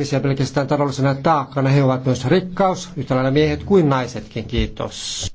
ihmisiä pelkästään taloudellisena taakkana. He ovat myös rikkaus, yhtä lailla miehet kuin naisetkin. Kiitos.